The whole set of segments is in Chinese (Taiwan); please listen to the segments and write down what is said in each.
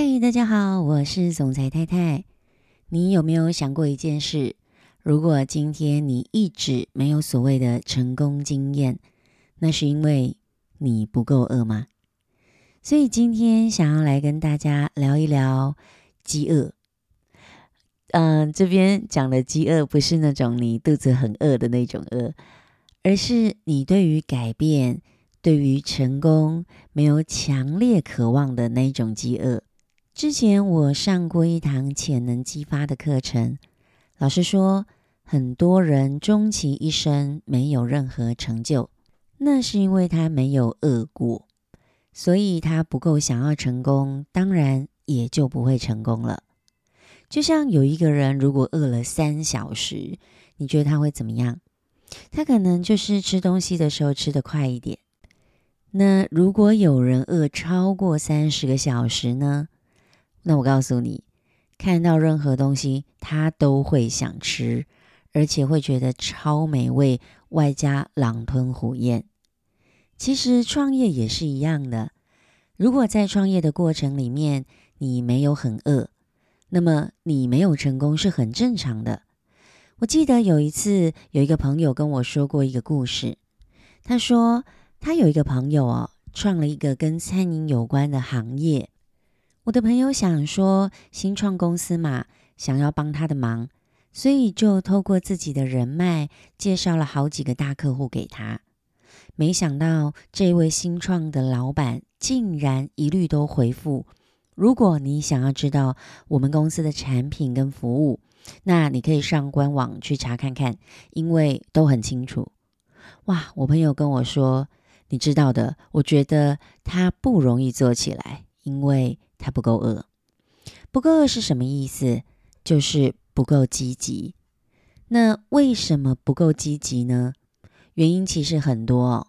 嗨，Hey, 大家好，我是總裁太太。你有沒有想過一件事？如果今天你一直沒有所謂的成功經驗，那是因為你不夠餓嗎？所以今天想要來跟大家聊一聊飢餓。嗯、呃，這邊講的飢餓不是那種你肚子很餓的那種餓，而是你對於改變、對於成功沒有強烈渴望的那種飢餓。之前我上過一堂潛能激發的課程，老師說，很多人終其一生沒有任何成就，那是因為他沒有餓過，所以他不夠想要成功，當然也就不會成功了。就像有一個人如果餓了三小時，你覺得他會怎麼樣？他可能就是吃東西的時候吃得快一點。那如果有人餓超過三十個小時呢？那我告訴你，看到任何東西，他都會想吃，而且會覺得超美味，外加狼吞虎嚥。其實創業也是一樣的，如果在創業的過程裡面你沒有很餓，那麼你沒有成功是很正常的。我記得有一次有一個朋友跟我說過一個故事，他說他有一個朋友哦，創了一個跟餐飲有關的行業。我的朋友想說，新創公司嘛，想要幫他的忙，所以就透過自己的人脈，介紹了好幾個大客戶給他。沒想到這位新創的老板竟然一律都回復：“如果你想要知道我們公司的產品跟服務，那你可以上官網去查看看，因為都很清楚。”哇！我朋友跟我說：“你知道的，我覺得他不容易做起來，因為……”他不夠餓。不夠餓是什麼意思？就是不夠積極。那為什麼不夠積極呢？原因其實很多哦，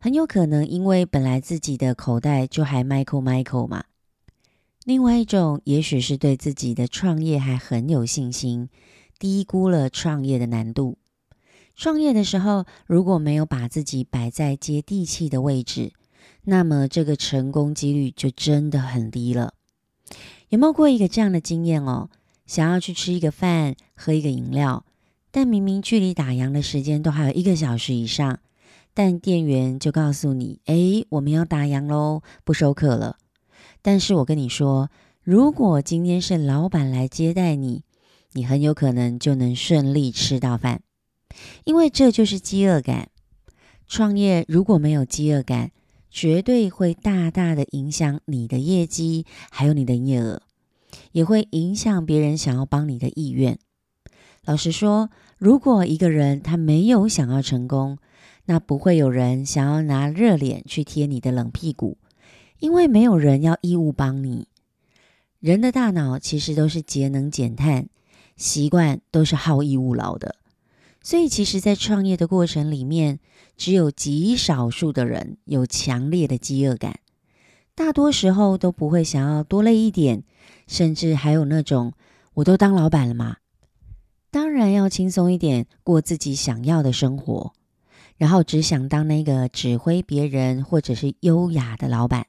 很有可能因為本來自己的口袋就還 Michael Michael 嘛。另外一種，也許是對自己的創業還很有信心，低估了創業的難度。創業的時候，如果沒有把自己擺在接地氣的位置，那麼這個成功幾率就真的很低了。有沒有過一個這樣的經驗哦？想要去吃一個飯、喝一個飲料，但明明距離打烊的時間都還有一個小時以上，但店員就告訴你：“誒，我們要打烊嘍，不收客了。”但是我跟你說，如果今天是老闆來接待你，你很有可能就能順利吃到飯，因為這就是飢餓感。創業如果沒有飢餓感，絕對會大大的影響你的業績，還有你的營業額，也會影響別人想要幫你的意願。老實說，如果一個人他沒有想要成功，那不會有人想要拿熱臉去貼你的冷屁股，因為沒有人要義務幫你。人的大腦其實都是節能減碳，習慣都是好逸惡勞的。所以，其實，在創業的過程裡面，只有極少數的人有強烈的飢餓感，大多時候都不會想要多累一點，甚至還有那種，我都當老闆了嘛，當然要輕鬆一點，過自己想要的生活，然後只想當那個指揮別人或者是優雅的老闆。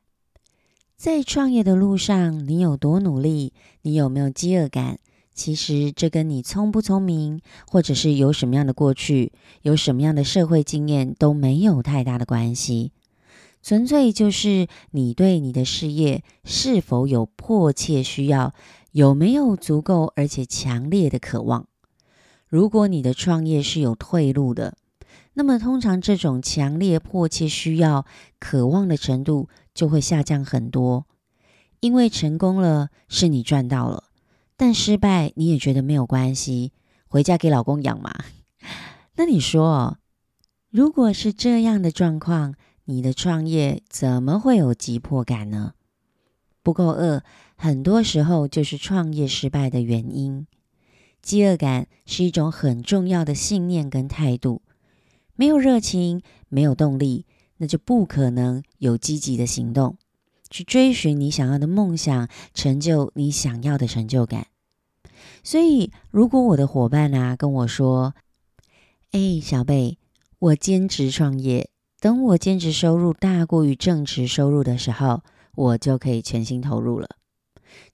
在創業的路上，你有多努力？你有沒有飢餓感？其實這跟你聰不聰明，或者是有什麼樣的過去，有什麼樣的社會經驗都沒有太大的關係，純粹就是你對你的事業是否有迫切需要，有沒有足夠而且強烈的渴望。如果你的創業是有退路的，那麼通常這種強烈迫切需要、渴望的程度就會下降很多，因為成功了是你賺到了。但失敗你也覺得沒有關係，回家給老公養嘛。那你說，如果是這樣的狀況，你的創業怎麼會有急迫感呢？不夠餓，很多時候就是創業失敗的原因。飢餓感是一種很重要的信念跟態度，沒有熱情，沒有動力，那就不可能有積極的行動。去追尋你想要的夢想，成就你想要的成就感。所以，如果我的夥伴啊跟我說：“哎、欸，小貝，我兼職創業，等我兼職收入大過於正職收入的時候，我就可以全心投入了。”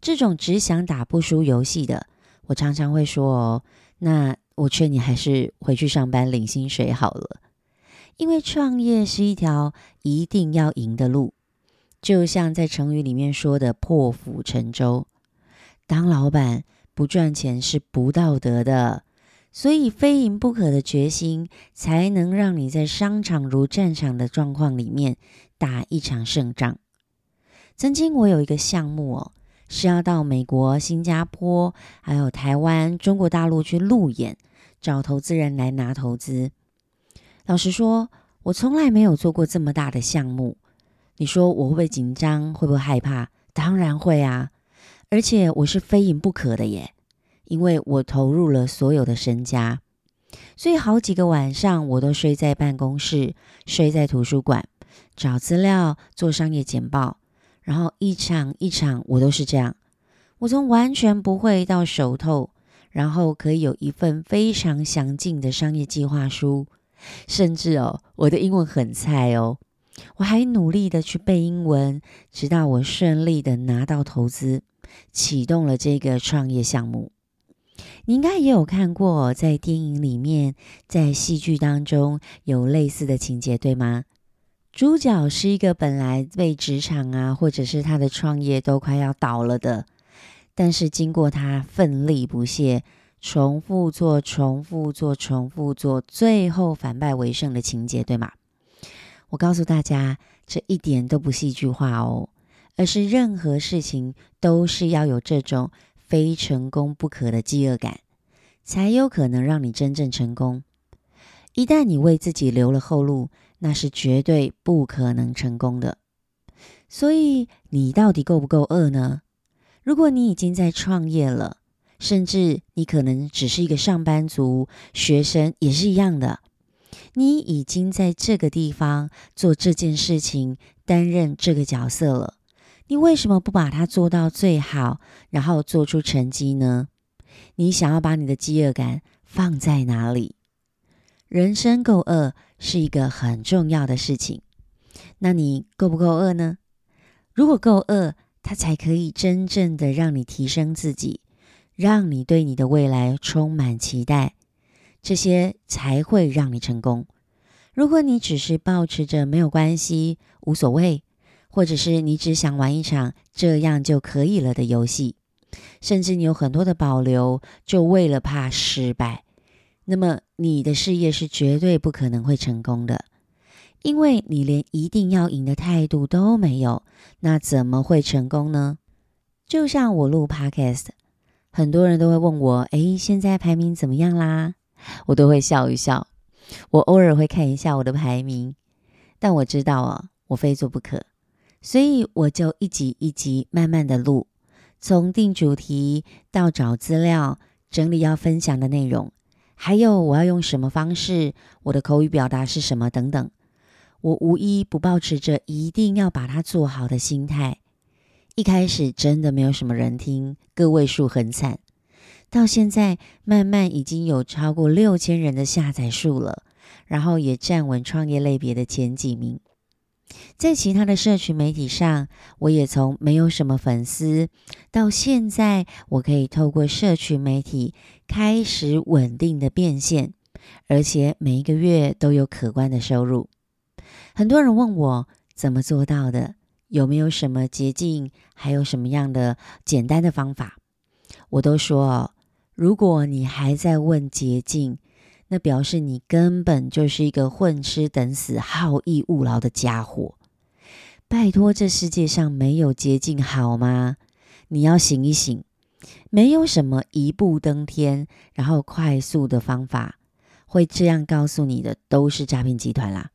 這種只想打不輸遊戲的，我常常會說：“哦，那我勸你還是回去上班領薪水好了，因為創業是一條一定要贏的路。”就像在成語裡面說的“破釜沉舟”，當老闆不賺錢是不道德的，所以非贏不可的決心，才能讓你在商場如戰場的狀況裡面打一場勝仗。曾經我有一個項目哦，是要到美國、新加坡、還有台灣、中國大陸去路演，找投資人來拿投資。老實說，我從來沒有做過這麼大的項目。你說我會不會緊張？會不會害怕？當然會啊！而且我是非贏不可的耶，因為我投入了所有的身家，所以好幾個晚上我都睡在辦公室，睡在圖書館，找資料，做商業簡報，然後一場一場我都是這樣。我從完全不會到熟透，然後可以有一份非常詳盡的商業計劃書，甚至哦，我的英文很菜哦。我還努力的去背英文，直到我順利的拿到投資，啟動了這個創業項目。你應該也有看過，在電影裡面，在戲劇當中有類似的情節，對嗎？主角是一個本來被職場啊，或者是他的創業都快要倒了的，但是經過他奮力不懈，重複做、重複做、重複做，重複做，最後反敗為勝的情節，對嗎？我告訴大家，這一點都不戲劇化哦，而是任何事情都是要有這種非成功不可的飢餓感，才有可能讓你真正成功。一旦你為自己留了後路，那是絕對不可能成功的。所以，你到底夠不夠餓呢？如果你已經在創業了，甚至你可能只是一個上班族、學生，也是一樣的。你已經在這個地方做這件事情，擔任這個角色了，你為什麼不把它做到最好，然後做出成績呢？你想要把你的飢餓感放在哪裡？人生夠餓是一個很重要的事情，那你夠不夠餓呢？如果夠餓，它才可以真正的讓你提升自己，讓你對你的未來充滿期待。這些才會讓你成功。如果你只是抱持着沒有關係、無所謂，或者是你只想玩一場這樣就可以了的遊戲，甚至你有很多的保留，就為了怕失敗，那麼你的事業是絕對不可能會成功的，因為你連一定要贏的態度都沒有，那怎麼會成功呢？就像我錄 Podcast，很多人都會問我：“哎，現在排名怎麼樣啦？”我都會笑一笑，我偶爾會看一下我的排名，但我知道啊，我非做不可，所以我就一集一集慢慢的錄，從定主題到找資料，整理要分享的內容，還有我要用什麼方式，我的口語表達是什麼等等，我無一不保持着一定要把它做好的心態。一開始真的沒有什麼人聽，個位數很慘。到現在，慢慢已經有超過六千人的下載數了，然後也站穩創業類別的前幾名。在其他的社群媒體上，我也從沒有什麼粉絲，到現在我可以透過社群媒體開始穩定的變現，而且每一個月都有可觀的收入。很多人問我怎麼做到的，有沒有什麼捷徑，還有什麼樣的簡單的方法，我都說哦。如果你還在問捷徑，那表示你根本就是一個混吃等死、好逸惡勞的家伙。拜托，這世界上沒有捷徑好嗎？你要醒一醒，沒有什麼一步登天、然後快速的方法。會這樣告訴你的，都是詐騙集團啦。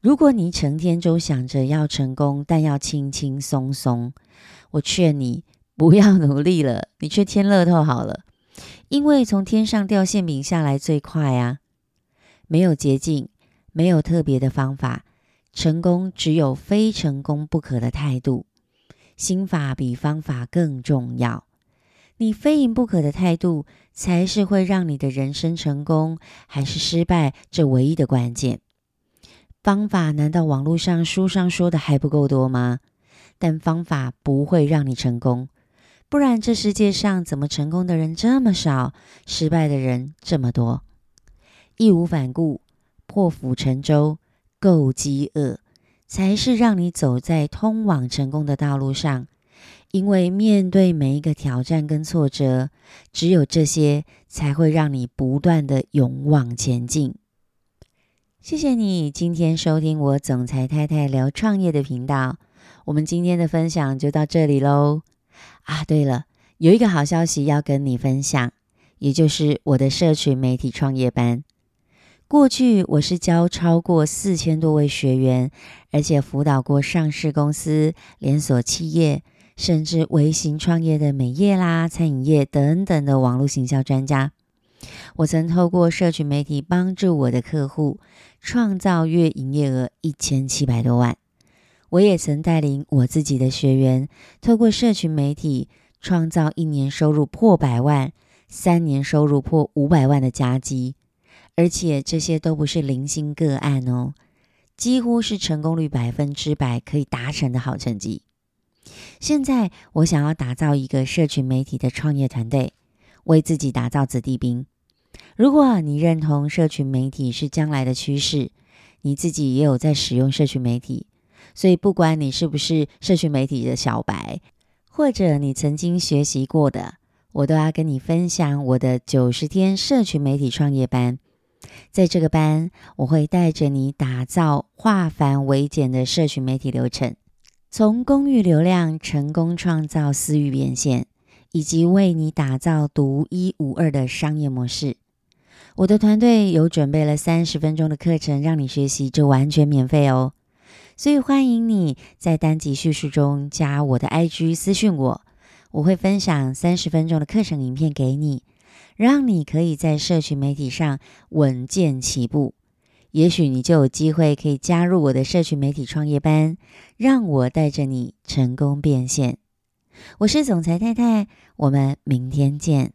如果你成天都想着要成功，但要輕輕鬆鬆，我勸你不要努力了，你去天樂透好了。因為從天上掉餡餅下來最快啊，沒有捷徑，沒有特別的方法，成功只有非成功不可的態度，心法比方法更重要。你非贏不可的態度，才是會讓你的人生成功還是失敗這唯一的關鍵。方法難道網絡上、書上說的還不夠多嗎？但方法不會讓你成功。不然，這世界上怎麼成功的人這麼少，失敗的人這麼多？義無反顧、破釜沉舟、夠飢餓，才是讓你走在通往成功的道路上。因為面對每一個挑戰跟挫折，只有這些才會讓你不斷的勇往前進。謝謝你今天收聽我《總裁太太聊創業》的頻道。我們今天的分享就到這裡嘍。啊，對了，有一個好消息要跟你分享，也就是我的社群媒體創業班。過去我是教超過四千多位學員，而且輔導過上市公司、連鎖企業，甚至微型創業的美業啦、餐飲業等等的網絡行銷專家。我曾透過社群媒體幫助我的客戶創造月營業額一千七百多萬。我也曾帶領我自己的學員，透過社群媒體創造一年收入破百萬、三年收入破五百萬的佳績，而且這些都不是零星個案哦，幾乎是成功率百分之百可以達成的好成績。現在我想要打造一個社群媒體的創業團隊，為自己打造子弟兵。如果你認同社群媒體是將來的趨勢，你自己也有在使用社群媒體。所以，不管你是不是社群媒體的小白，或者你曾經學習過的，我都要跟你分享我的九十天社群媒體創業班。在這個班，我會帶着你打造化繁為簡的社群媒體流程，從公域流量成功創造私域變現，以及為你打造獨一無二的商業模式。我的團隊有準備了三十分鐘的課程讓你學習，就完全免費哦。所以歡迎你在單集敘述中加我的 IG 私訊我，我會分享三十分鐘的課程影片給你，讓你可以在社群媒體上穩健起步。也許你就有機會可以加入我的社群媒體創業班，讓我帶着你成功變現。我是總裁太太，我們明天見。